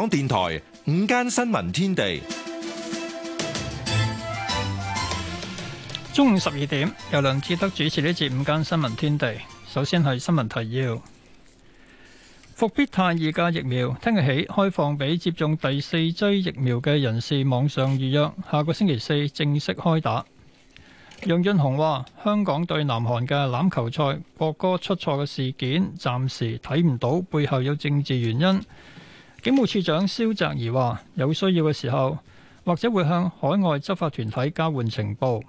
港電台午間新聞天地，中午十二點由梁志德主持呢節午間新聞天地。首先係新聞提要：復必泰二價疫苗聽日起開放俾接種第四劑疫苗嘅人士網上預約，下個星期四正式開打。楊潤雄話：香港對南韓嘅欖球賽國歌出錯嘅事件，暫時睇唔到背後有政治原因。警務處長蕭澤頤話：有需要嘅時候，或者會向海外執法團體交換情報。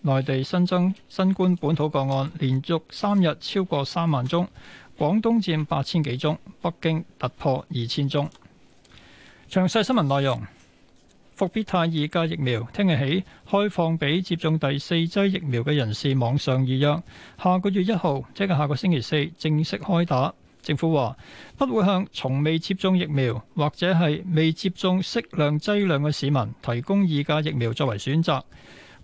內地新增新冠本土個案連續三日超過三萬宗，廣東佔八千幾宗，北京突破二千宗。詳細新聞內容：復必泰二價疫苗聽日起開放俾接種第四劑疫苗嘅人士網上預約，下個月一號即係下個星期四正式開打。政府話不會向從未接種疫苗或者係未接種適量劑量嘅市民提供二價疫苗作為選擇。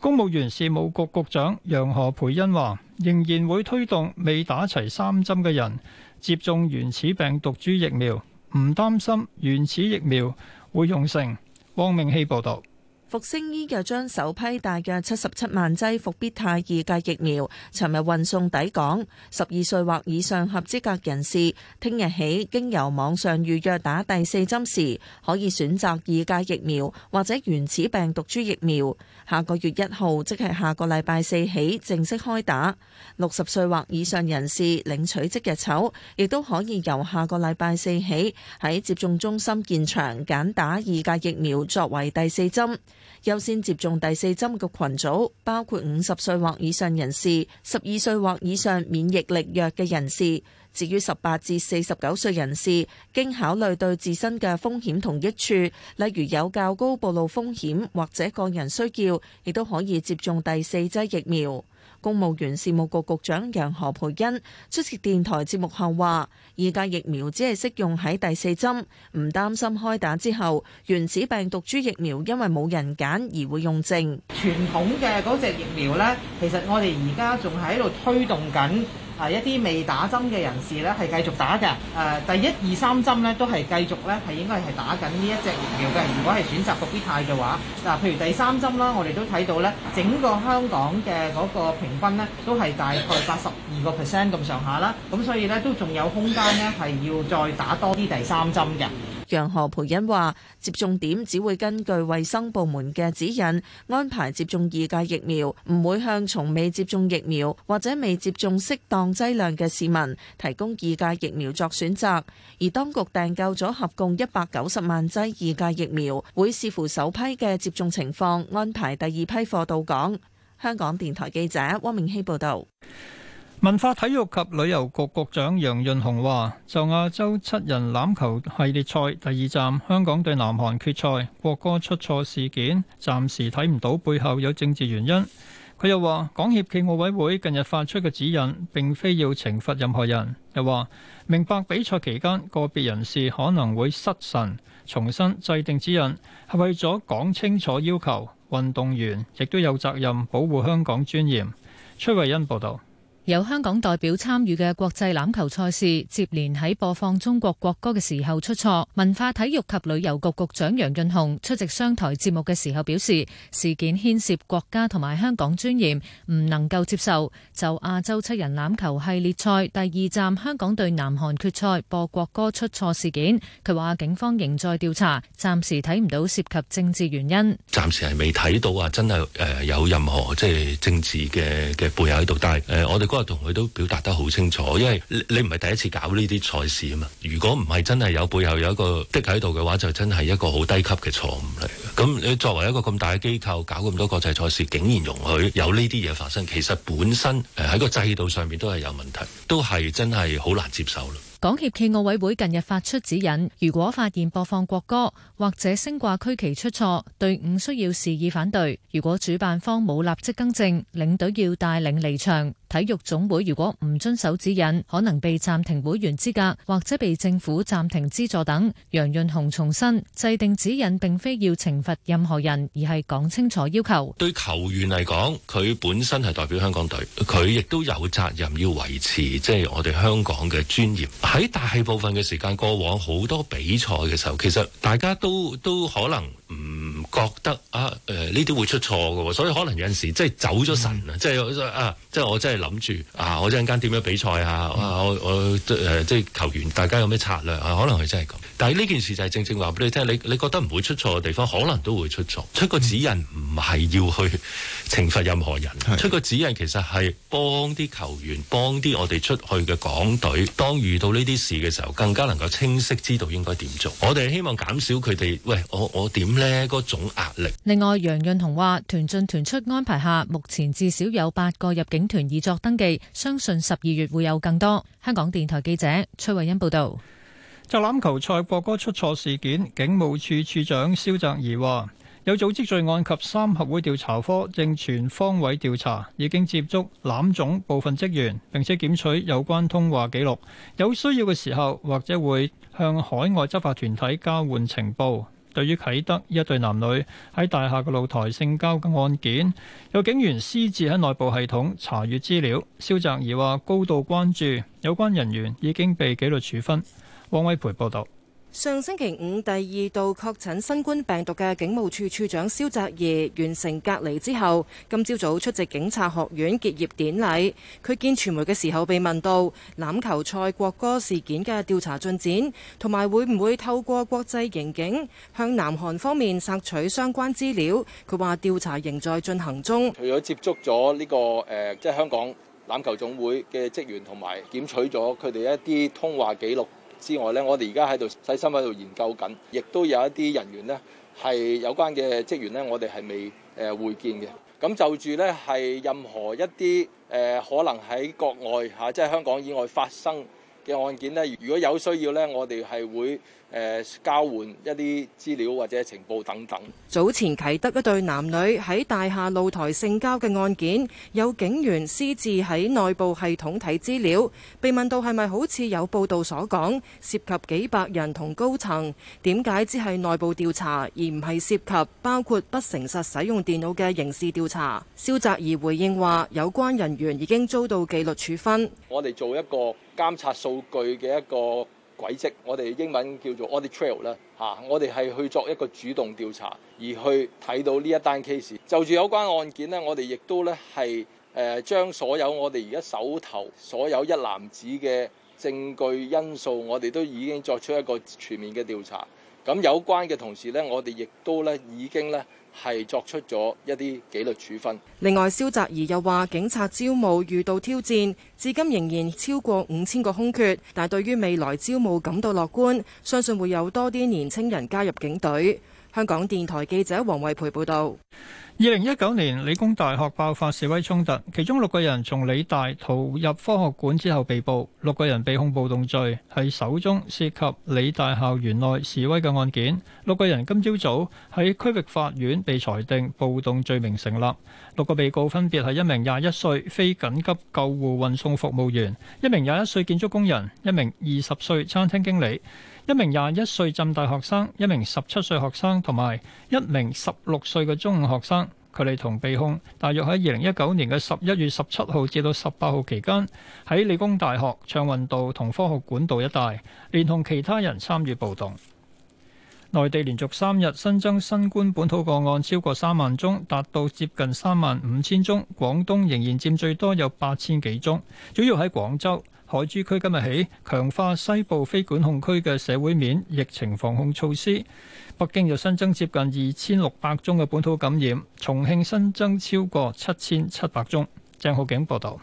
公務員事務局局,局長楊何蓓茵話：仍然會推動未打齊三針嘅人接種原始病毒株疫苗，唔擔心原始疫苗會用剩。汪明希報導。復星醫藥將首批大約七十七萬劑復必泰二價疫苗，尋日運送抵港。十二歲或以上合資格人士，聽日起經由網上預約打第四針時，可以選擇二價疫苗或者原始病毒株疫苗。下個月一號，即係下個禮拜四起正式開打。六十歲或以上人士領取即日籌，亦都可以由下個禮拜四起喺接種中心現場揀打二價疫苗作為第四針。優先接種第四針嘅群組包括五十歲或以上人士、十二歲或以上免疫力弱嘅人士。至於十八至四十九歲人士，經考慮對自身嘅風險同益處，例如有較高暴露風險或者個人需要，亦都可以接種第四針疫苗。公務員事務局局長楊何培恩出席電台節目後話，二價疫苗只係適用喺第四針，唔擔心開打之後，原始病毒株疫苗因為冇人揀而會用剩。傳統嘅嗰隻疫苗呢，其實我哋而家仲喺度推動緊。係、啊、一啲未打針嘅人士咧，係繼續打嘅。誒、啊，第一、二、三針咧都係繼續咧係應該係打緊呢一隻疫苗嘅。如果係選擇復必泰嘅話，嗱、啊，譬如第三針啦，我哋都睇到咧，整個香港嘅嗰個平均咧都係大概八十二個 percent 咁上下啦。咁所以咧都仲有空間咧係要再打多啲第三針嘅。楊何培欣話：接種點只會根據衛生部門嘅指引安排接種二價疫苗，唔會向從未接種疫苗或者未接種適當劑量嘅市民提供二價疫苗作選擇。而當局訂購咗合共一百九十萬劑二價疫苗，會視乎首批嘅接種情況安排第二批貨到港。香港電台記者汪明希報道。文化體育及旅遊局局長楊潤雄話，就亞洲七人欖球系列賽第二站香港對南韓決賽國歌出錯事件，暫時睇唔到背後有政治原因。佢又話，港協暨奧委會近日發出嘅指引，並非要懲罰任何人。又話明白比賽期間個別人士可能會失神，重新制定指引係為咗講清楚要求，運動員亦都有責任保護香港尊嚴。崔慧恩報道。有香港代表參與嘅國際欖球賽事，接連喺播放中國國歌嘅時候出錯。文化體育及旅遊局局長楊潤雄出席商台節目嘅時候表示，事件牽涉國家同埋香港尊嚴，唔能夠接受。就亞洲七人欖球系列賽第二站香港對南韓決賽播國歌出錯事件，佢話警方仍在調查，暫時睇唔到涉及政治原因。暫時係未睇到啊，真係誒有任何即係政治嘅嘅背後喺度，但係誒我哋。嗰日同佢都表達得好清楚，因為你唔係第一次搞呢啲賽事啊嘛。如果唔係真係有背後有一個的喺度嘅話，就真係一個好低級嘅錯誤嚟嘅。咁你作為一個咁大嘅機構搞咁多國際賽事，竟然容許有呢啲嘢發生，其實本身誒喺個制度上面都係有問題，都係真係好難接受啦。港協暨奧委會近日發出指引，如果發現播放國歌或者升掛區旗出錯，隊伍需要示意反對，如果主辦方冇立即更正，領隊要帶領離場。體育總會如果唔遵守指引，可能被暫停會員資格，或者被政府暫停資助等。楊潤雄重申，制定指引並非要懲罰任何人，而係講清楚要求。對球員嚟講，佢本身係代表香港隊，佢亦都有責任要維持即係、就是、我哋香港嘅專業。喺大部分嘅時間，過往好多比賽嘅時候，其實大家都都可能唔覺得啊，誒呢啲會出錯噶，所以可能有陣時即係、就是、走咗神、就是、啊，即係啊，即係我真係。諗住啊！我一陣間點樣比賽啊！啊我我誒、啊、即係球員，大家有咩策略啊？可能係真係咁。但係呢件事就係正正話俾你聽，你你覺得唔會出錯嘅地方，可能都會出錯。嗯、出個指引唔係要去懲罰任何人，的出個指引其實係幫啲球員，幫啲我哋出去嘅港隊，當遇到呢啲事嘅時候，更加能夠清晰知道應該點做。我哋希望減少佢哋喂我我點呢？嗰種壓力。另外，楊潤雄話：團進團出安排下，目前至少有八個入境團已作登記，相信十二月會有更多。香港電台記者崔慧欣報道。就欖球賽國歌出錯事件，警務處處長蕭澤頤話：有組織罪案及三合會調查科正全方位調查，已經接觸欖總部分職員，並且檢取有關通話記錄。有需要嘅時候，或者會向海外執法團體交換情報。對於啟德一對男女喺大廈嘅露台性交嘅案件，有警員私自喺內部系統查閱資料，蕭澤頤話高度關注，有關人員已經被紀律處分。汪偉培報道。上星期五，第二度確診新冠病毒嘅警務處處長蕭澤頤完成隔離之後，今朝早出席警察學院結業典禮。佢見傳媒嘅時候被問到欖球賽國歌事件嘅調查進展，同埋會唔會透過國際刑警向南韓方面索取相關資料。佢話調查仍在進行中，除咗接觸咗呢、這個誒，即、呃、係、就是、香港欖球總會嘅職員，同埋檢取咗佢哋一啲通話記錄，之外咧，我哋而家喺度細心喺度研究緊，亦都有一啲人員咧係有關嘅職員咧，我哋係未誒、呃、會見嘅。咁就住咧係任何一啲誒、呃、可能喺國外吓，即、啊、係、就是、香港以外發生。案件呢，如果有需要呢，我哋係會誒、呃、交換一啲資料或者情報等等。早前啟德一對男女喺大廈露台性交嘅案件，有警員私自喺內部系統睇資料，被問到係咪好似有報道所講涉及幾百人同高層，點解只係內部調查而唔係涉及包括不誠實使用電腦嘅刑事調查？蕭澤頤回應話有關人員已經遭到紀律處分。我哋做一個。監察數據嘅一個軌跡，我哋英文叫做 audit trail 啦，嚇，我哋係去作一個主動調查，而去睇到呢一單 case。就住有關案件咧，我哋亦都咧係誒將所有我哋而家手頭所有一男子嘅證據因素，我哋都已經作出一個全面嘅調查。咁有關嘅同時咧，我哋亦都咧已經咧。係作出咗一啲紀律處分。另外，蕭澤頤又話，警察招募遇到挑戰，至今仍然超過五千個空缺，但係對於未來招募感到樂觀，相信會有多啲年青人加入警隊。香港電台記者黃惠培報道。二零一九年理工大學爆發示威衝突，其中六個人從理大逃入科學館之後被捕，六個人被控暴動罪，係首宗涉及理大校園內示威嘅案件。六個人今朝早喺區域法院被裁定暴動罪名成立。六個被告分別係一名廿一歲非緊急救護運送服務員，一名廿一歲建築工人，一名二十歲餐廳經理。一名廿一歲浸大學生、一名十七歲學生同埋一名十六歲嘅中五學生，佢哋同被控。大約喺二零一九年嘅十一月十七號至到十八號期間，喺理工大學暢運道同科學館道一帶，連同其他人參與暴動。內地連續三日新增新冠本土個案超過三萬宗，達到接近三萬五千宗。廣東仍然佔最多，有八千幾宗，主要喺廣州。海珠區今日起強化西部非管控區嘅社會面疫情防控措施。北京又新增接近二千六百宗嘅本土感染，重慶新增超過七千七百宗。鄭浩景報道。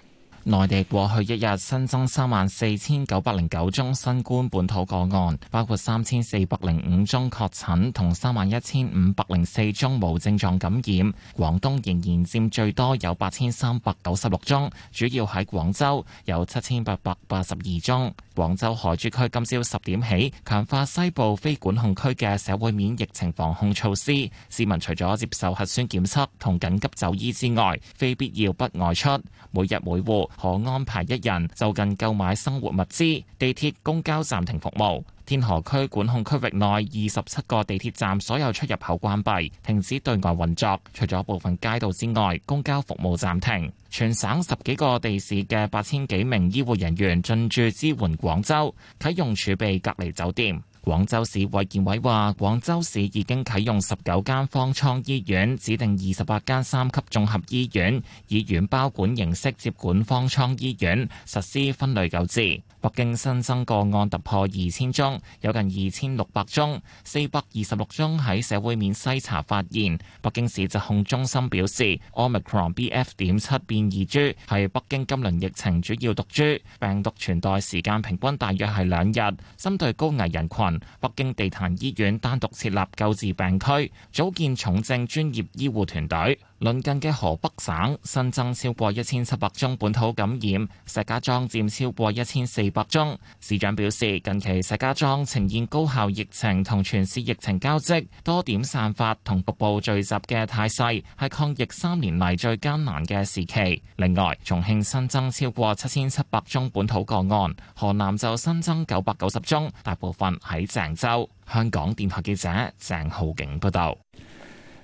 內地過去一日新增三萬四千九百零九宗新冠本土個案，包括三千四百零五宗確診同三萬一千五百零四宗無症狀感染。廣東仍然佔最多，有八千三百九十六宗，主要喺廣州有七千八百八十二宗。廣州海珠區今朝十點起強化西部非管控區嘅社會面疫情防控措施，市民除咗接受核酸檢測同緊急就醫之外，非必要不外出，每日每戶。可安排一人就近購買生活物資，地鐵、公交暫停服務。天河區管控區域內二十七個地鐵站所有出入口關閉，停止對外運作。除咗部分街道之外，公交服務暫停。全省十幾個地市嘅八千幾名醫護人員進駐支援廣州，啟用儲備隔離酒店。廣州市衛健委話，廣州市已經啟用十九間方艙醫院，指定二十八間三級綜合醫院，以院包管形式接管方艙醫院，實施分類救治。北京新增個案突破二千宗，有近二千六百宗，四百二十六宗喺社會面篩查發現。北京市疾控中心表示，Omicron BF. 點七變異株係北京今輪疫情主要毒株，病毒傳代時間平均大約係兩日。針對高危人群，北京地壇醫院單獨設立救治病區，組建重症專業醫護團隊。鄰近嘅河北省新增超過一千七百宗本土感染，石家莊佔超過一千四百宗。市長表示，近期石家莊呈現高校疫情同全市疫情交織、多點散發同局部聚集嘅態勢，係抗疫三年嚟最艱難嘅時期。另外，重慶新增超過七千七百宗本土個案，河南就新增九百九十宗，大部分喺鄭州。香港電台記者鄭浩景報道。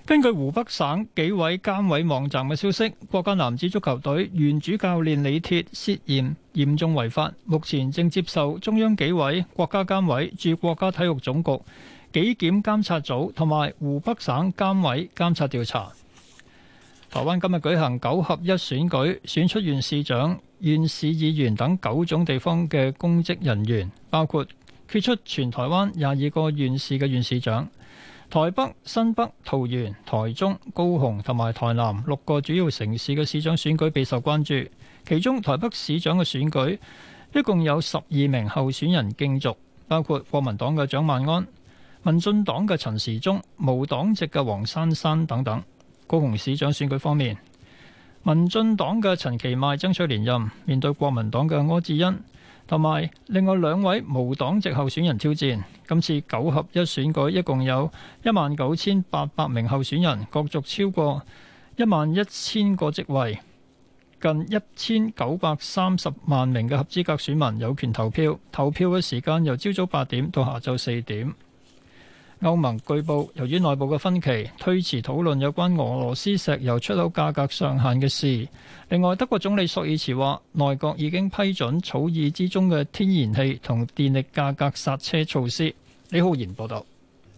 根據湖北省紀委監委網站嘅消息，國家男子足球隊原主教練李鐵涉嫌嚴重違法，目前正接受中央紀委國家監委駐國家體育總局紀檢監察組同埋湖北省監委監察調查。台灣今日舉行九合一選舉，選出縣市長、縣市議員等九種地方嘅公職人員，包括決出全台灣廿二個縣市嘅縣市長。台北、新北、桃園、台中、高雄同埋台南六個主要城市嘅市長選舉備受關注，其中台北市長嘅選舉一共有十二名候選人競逐，包括國民黨嘅蔣萬安、民進黨嘅陳時中、無黨籍嘅黃珊珊等等。高雄市長選舉方面，民進黨嘅陳其邁爭取連任，面對國民黨嘅柯志恩。同埋另外兩位無黨籍候選人挑戰。今次九合一選舉一共有一萬九千八百名候選人，角逐超過一萬一千個職位，近一千九百三十萬名嘅合資格選民有權投票。投票嘅時間由朝早八點到下晝四點。歐盟據報，由於內部嘅分歧，推遲討論有關俄羅斯石油出口價格上限嘅事。另外，德國總理索爾茨話，內閣已經批准草擬之中嘅天然氣同電力價格剎車措施。李浩然報道。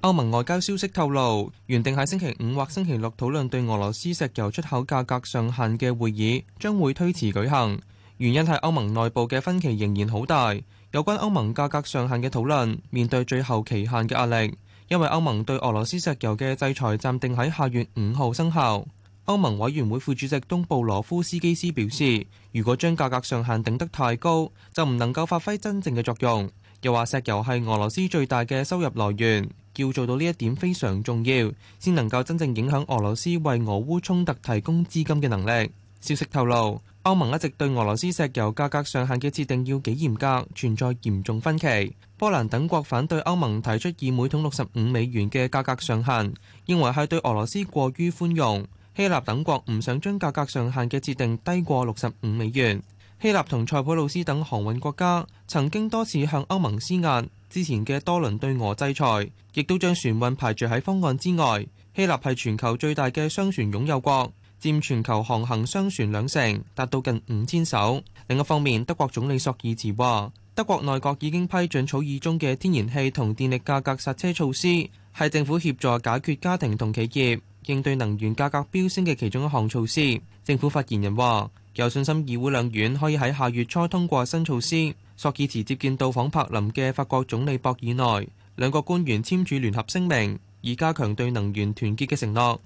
歐盟外交消息透露，原定喺星期五或星期六討論對俄羅斯石油出口價格上限嘅會議將會推遲舉行，原因係歐盟內部嘅分歧仍然好大，有關歐盟價格上限嘅討論面對最後期限嘅壓力。因為歐盟對俄羅斯石油嘅制裁暫定喺下月五號生效，歐盟委員會副主席東布羅夫斯基斯表示，如果將價格上限定得太高，就唔能夠發揮真正嘅作用。又話石油係俄羅斯最大嘅收入來源，要做到呢一點非常重要，先能夠真正影響俄羅斯為俄烏衝突提供資金嘅能力。消息透露，歐盟一直對俄羅斯石油價格上限嘅設定要幾嚴格，存在嚴重分歧。波蘭等國反對歐盟提出以每桶六十五美元嘅價格上限，認為係對俄羅斯過於寬容。希臘等國唔想將價格上限嘅設定低過六十五美元。希臘同塞浦路斯等航運國家曾經多次向歐盟施壓，之前嘅多輪對俄制裁亦都將船運排除喺方案之外。希臘係全球最大嘅商船擁有國。佔全球航行商船兩成，達到近五千艘。另一方面，德國總理索爾茨話：德國內閣已經批准草擬中嘅天然氣同電力價格剎車措施，係政府協助解決家庭同企業應對能源價格飆升嘅其中一項措施。政府發言人話：有信心議會兩院可以喺下月初通過新措施。索爾茨接見到訪柏林嘅法國總理博爾內，兩個官員簽署聯合聲明，以加強對能源團結嘅承諾。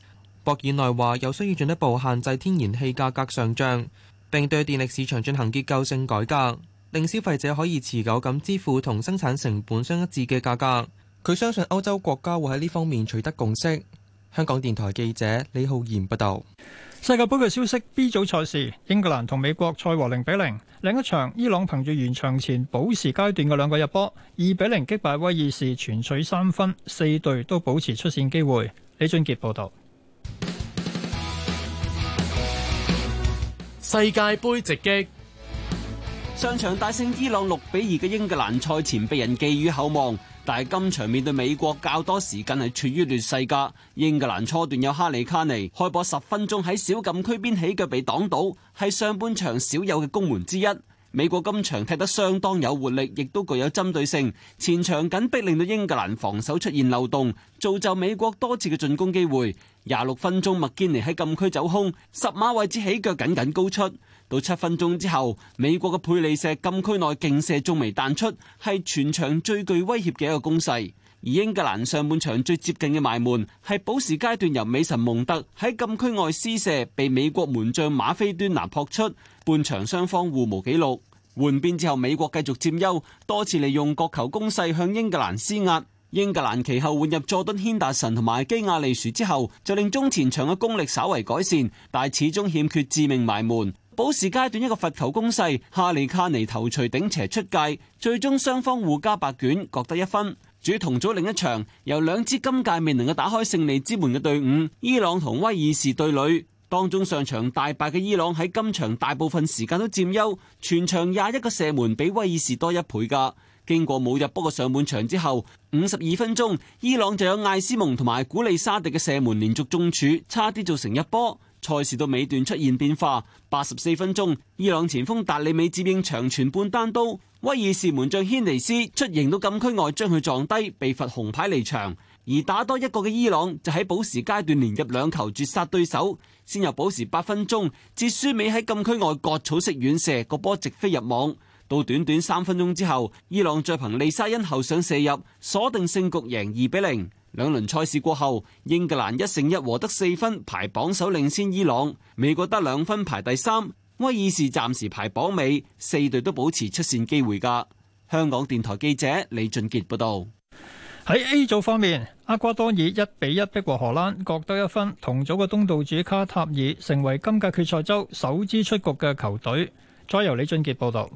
國以內話，來有需要進一步限制天然氣價格上漲，並對電力市場進行結構性改革，令消費者可以持久咁支付同生產成本相一致嘅價格。佢相信歐洲國家會喺呢方面取得共識。香港電台記者李浩然報道。世界盃嘅消息：B 組賽事，英格蘭同美國賽和零比零。另一場，伊朗憑住完場前補時階段嘅兩個入波，二比零擊敗威爾士，全取三分，四隊都保持出線機會。李俊傑報道。世界盃直擊，上場大勝伊朗六比二嘅英格蘭，賽前被人寄予厚望，但係今場面對美國，較多時間係處於劣勢噶。英格蘭初段有哈利卡尼，開波十分鐘喺小禁區邊起腳被擋倒，係上半場少有嘅攻門之一。美國今場踢得相當有活力，亦都具有針對性，前場緊逼令到英格蘭防守出現漏洞，造就美國多次嘅進攻機會。廿六分鐘，麥堅尼喺禁區走空，十碼位置起腳僅僅高出。到七分鐘之後，美國嘅佩利射禁區內勁射，仲未彈出，係全場最具威脅嘅一個攻勢。而英格蘭上半場最接近嘅埋門，係補時階段由美神蒙特喺禁區外施射，被美國門將馬菲端拿撲出。半場雙方互無紀錄，換邊之後，美國繼續佔優，多次利用角球攻勢向英格蘭施壓。英格蘭其後換入佐敦軒達臣同埋基亞利殊之後，就令中前場嘅功力稍為改善，但始終欠缺致命埋門。補時階段一個罰球攻勢，哈利卡尼頭錘頂斜出界，最終雙方互加白卷，各得一分。主同組另一場，由兩支今屆未能夠打開勝利之門嘅隊伍，伊朗同威爾士對壘，當中上場大敗嘅伊朗喺今場大部分時間都占優，全場廿一個射門比威爾士多一倍噶。經過冇入波嘅上半場之後，五十二分鐘，伊朗就有艾斯蒙同埋古利沙迪嘅射門連續中柱，差啲做成一波。賽事到尾段出現變化，八十四分鐘，伊朗前鋒達里美接應長傳半單刀，威爾士門將軒尼斯出迎到禁區外將佢撞低，被罰紅牌離場。而打多一個嘅伊朗就喺補時階段連入兩球絕殺對手。先由補時八分鐘，哲舒美喺禁區外割草式遠射，個波直飛入網。到短短三分鐘之後，伊朗再憑利沙因後上射入，鎖定勝局，贏二比零。兩輪賽事過後，英格蘭一勝一和得四分排榜首，領先伊朗；美國得兩分排第三，威爾士暫時排榜尾。四隊都保持出線機會。噶香港電台記者李俊傑報道。喺 A 組方面，阿瓜多爾一比一逼和荷蘭，各得一分。同組嘅東道主卡塔爾成為今屆決賽周首支出局嘅球隊。再由李俊傑報道。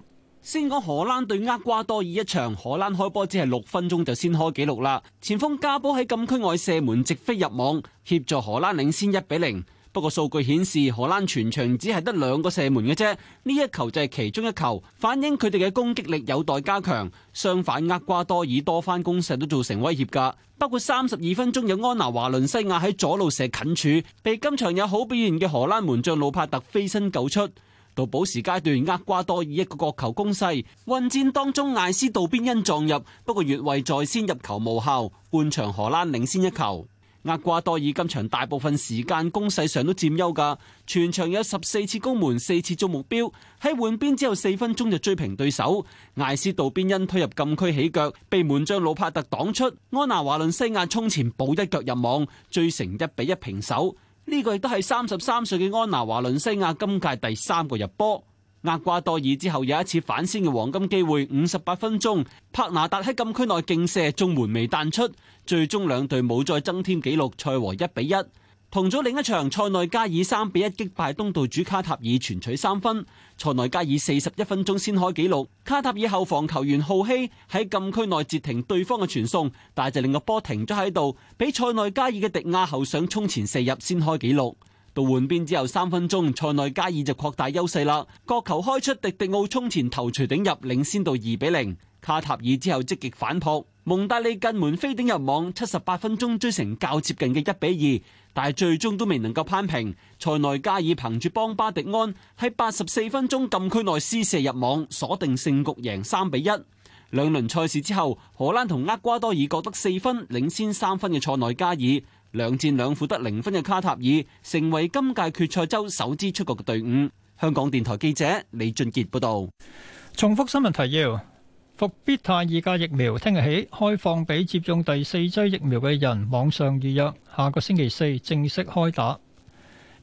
先講荷蘭對厄瓜多爾一場，荷蘭開波只係六分鐘就先開紀錄啦，前鋒加波喺禁區外射門直飛入網，協助荷蘭領先一比零。不過數據顯示荷蘭全場只係得兩個射門嘅啫，呢一球就係其中一球，反映佢哋嘅攻擊力有待加強。相反，厄瓜多爾多番攻勢都造成威脅噶。包括三十二分鐘有安娜華倫西亞喺左路射近處，被今場有好表現嘅荷蘭門將魯帕特飛身救出。到補時階段，厄瓜多爾一個角球攻勢混戰當中，艾斯道邊恩撞入，不過越位在先，入球無效。半場荷蘭領先一球。厄瓜多爾今場大部分時間攻勢上都佔優噶，全場有十四次攻門，四次做目標。喺換邊之後四分鐘就追平對手，艾斯道邊恩推入禁區起腳，被門將魯帕特擋出。安娜華倫西亞沖前補一腳入網，追成一比一平手。呢個亦都係三十三歲嘅安娜華倫西亞今屆第三個入波。厄瓜多爾之後有一次反先嘅黃金機會，五十八分鐘，帕拿達喺禁區內勁射，中門未彈出，最終兩隊冇再增添紀錄，賽和一比一。同咗另一場，塞內加爾三比一擊敗東道主卡塔爾，全取三分。塞內加爾四十一分鐘先開紀錄，卡塔爾後防球員浩希喺禁區內截停對方嘅傳送，但就令個波停咗喺度，俾塞內加爾嘅迪亞後想衝前射入先開紀錄。到換邊之後三分鐘，塞內加爾就擴大優勢啦，角球開出，迪迪奧衝前頭槌頂入，領先到二比零。卡塔爾之後積極反撲。蒙大利近門飛頂入網，七十八分鐘追成較接近嘅一比二，但係最終都未能夠攀平。塞內加爾憑住邦巴迪安喺八十四分鐘禁區內施射入網，鎖定勝局贏，贏三比一。兩輪賽事之後，荷蘭同厄瓜多爾各得四分，領先三分嘅塞內加爾，兩戰兩負得零分嘅卡塔爾，成為今屆決賽周首支出局嘅隊伍。香港電台記者李俊杰報道。重複新聞提要。復必泰二價疫苗聽日起開放俾接種第四劑疫苗嘅人網上預約，下個星期四正式開打。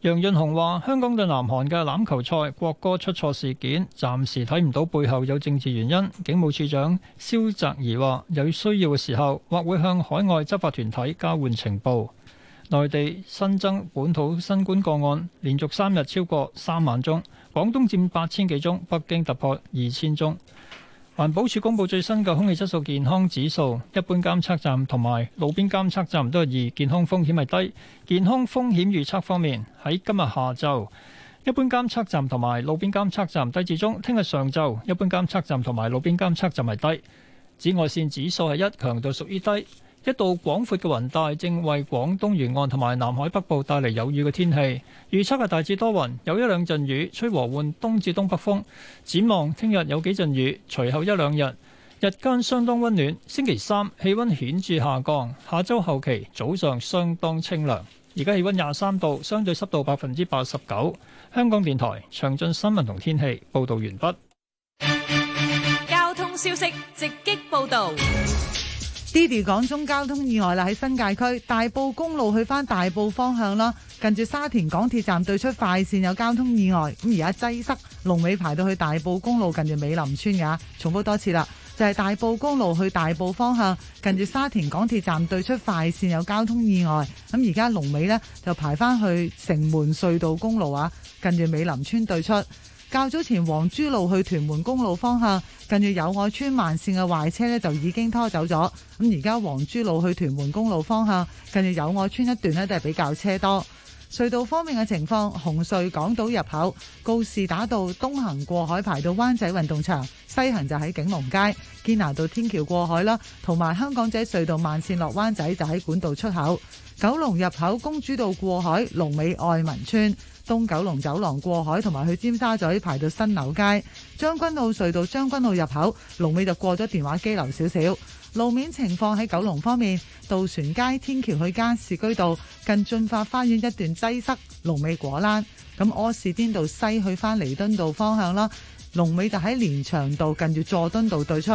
楊潤雄話：香港對南韓嘅欖球賽國歌出錯事件，暫時睇唔到背後有政治原因。警務處長蕭澤頤話：有需要嘅時候，或會向海外執法團體交換情報。內地新增本土新冠個案連續三日超過三萬宗，廣東佔八千幾宗，北京突破二千宗。環保署公布最新嘅空氣質素健康指數，一般監測站同埋路邊監測站都係二，健康風險係低。健康風險預測方面，喺今日下晝，一般監測站同埋路邊監測站低至中；聽日上晝，一般監測站同埋路邊監測站係低。紫外線指數係一，強度屬於低。一道廣闊嘅雲帶正為廣東沿岸同埋南海北部帶嚟有雨嘅天氣，預測係大致多雲，有一兩陣雨，吹和緩東至東北風。展望聽日有幾陣雨，隨後一兩日日間相當温暖。星期三氣温顯著下降，下周後期早上相當清涼。而家氣温廿三度，相對濕度百分之八十九。香港電台詳盡新聞同天氣報導完畢。交通消息直擊報導。d i d 講中交通意外啦，喺新界區大埔公路去翻大埔方向咯，近住沙田港鐵站對出快線有交通意外，咁而家擠塞龍尾排到去大埔公路近住美林村噶。重複多次啦，就係大埔公路去大埔方向近住沙田港鐵站對出快線有交通意外，咁而家龍尾呢，就，是，就排翻去城門隧道公路啊，近住美林村對出。較早前黃珠路去屯門公路方向，近住友愛村慢線嘅壞車呢，就已經拖走咗。咁而家黃珠路去屯門公路方向，近住友愛村一段呢，都係比較車多。隧道方面嘅情況，紅隧港島入口告士打道東行過海排到灣仔運動場，西行就喺景隆街堅拿道天橋過海啦，同埋香港仔隧道慢綫落灣仔就喺管道出口。九龍入口公主道過海龍尾愛民村東九龍走廊過海，同埋去尖沙咀排到新柳街，將軍澳隧道將軍澳入口龍尾就過咗電話機樓少少。路面情況喺九龍方面，渡船街天橋去加士居道近駿發花園一段擠塞，龍尾果欄；咁柯士甸道西去返彌敦道方向啦，龍尾就喺連翔道近住佐敦道對出。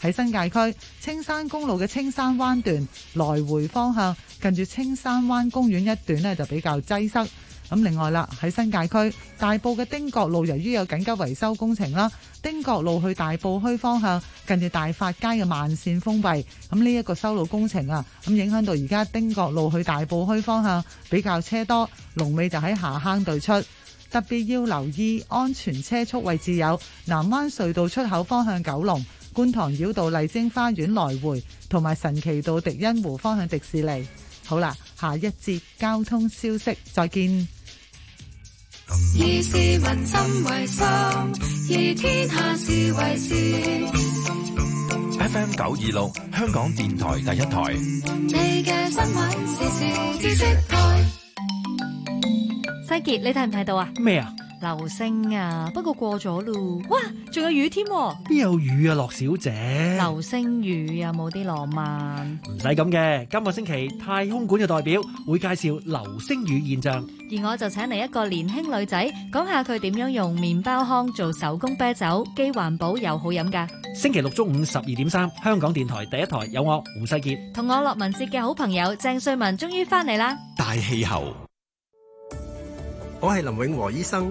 喺新界區青山公路嘅青山灣段來回方向，近住青山灣公園一段呢，就比較擠塞。咁另外啦，喺新界區大埔嘅丁角路，由於有緊急維修工程啦，丁角路去大埔墟方向近住大發街嘅慢線封閉。咁呢一個修路工程啊，咁影響到而家丁角路去大埔墟方向比較車多，龍尾就喺下坑對出。特別要留意安全車速位置有南灣隧道出口方向九龍觀塘繞道麗晶花園來回，同埋神奇道迪欣湖方向迪士尼。好啦，下一節交通消息，再見。以市民心為心，以天下事為事。FM 九二六，香港電台第一台。你嘅新聞時事資訊台。西杰，你睇唔睇到啊？咩啊？流星啊，不過過咗咯。哇，仲有雨添。邊有雨啊，洛小姐？流星雨啊，有冇啲浪漫，唔使咁嘅。今個星期太空館嘅代表會介紹流星雨現象，而我就請嚟一個年輕女仔，講下佢點樣用麵包糠做手工啤酒，既環保又好飲噶。星期六中午十二點三，香港電台第一台有我胡世杰，同我洛文哲嘅好朋友鄭瑞文終於翻嚟啦。大氣候，我係林永和醫生。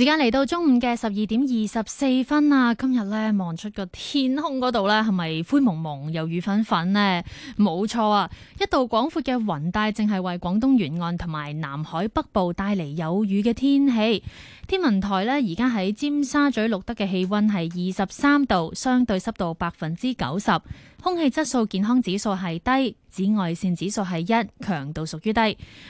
時間嚟到中午嘅十二點二十四分啊。今日咧，望出個天空嗰度咧，係咪灰蒙蒙又雨粉粉呢？冇錯啊。一度廣闊嘅雲帶正係為廣東沿岸同埋南海北部帶嚟有雨嘅天氣。天文台呢，而家喺尖沙咀錄得嘅氣溫係二十三度，相對濕度百分之九十。空氣質素健康指數係低，紫外線指數係一，強度屬於低。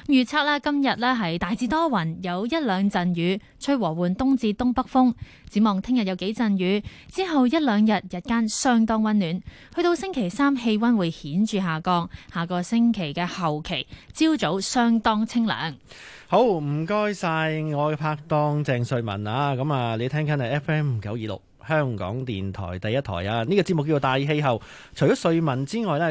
預測咧今日咧係大致多雲，有一兩陣雨，吹和緩東至東北風。展望聽日有幾陣雨，之後一兩日日間相當温暖，去到星期三氣温會顯著下降。下個星期嘅後期，朝早相當清涼。好，唔該晒我嘅拍檔鄭瑞文啊，咁啊，你聽緊係 FM 九二六。香港電台第一台啊，呢、這個節目叫做《大氣候》，除咗瑞文之外咧。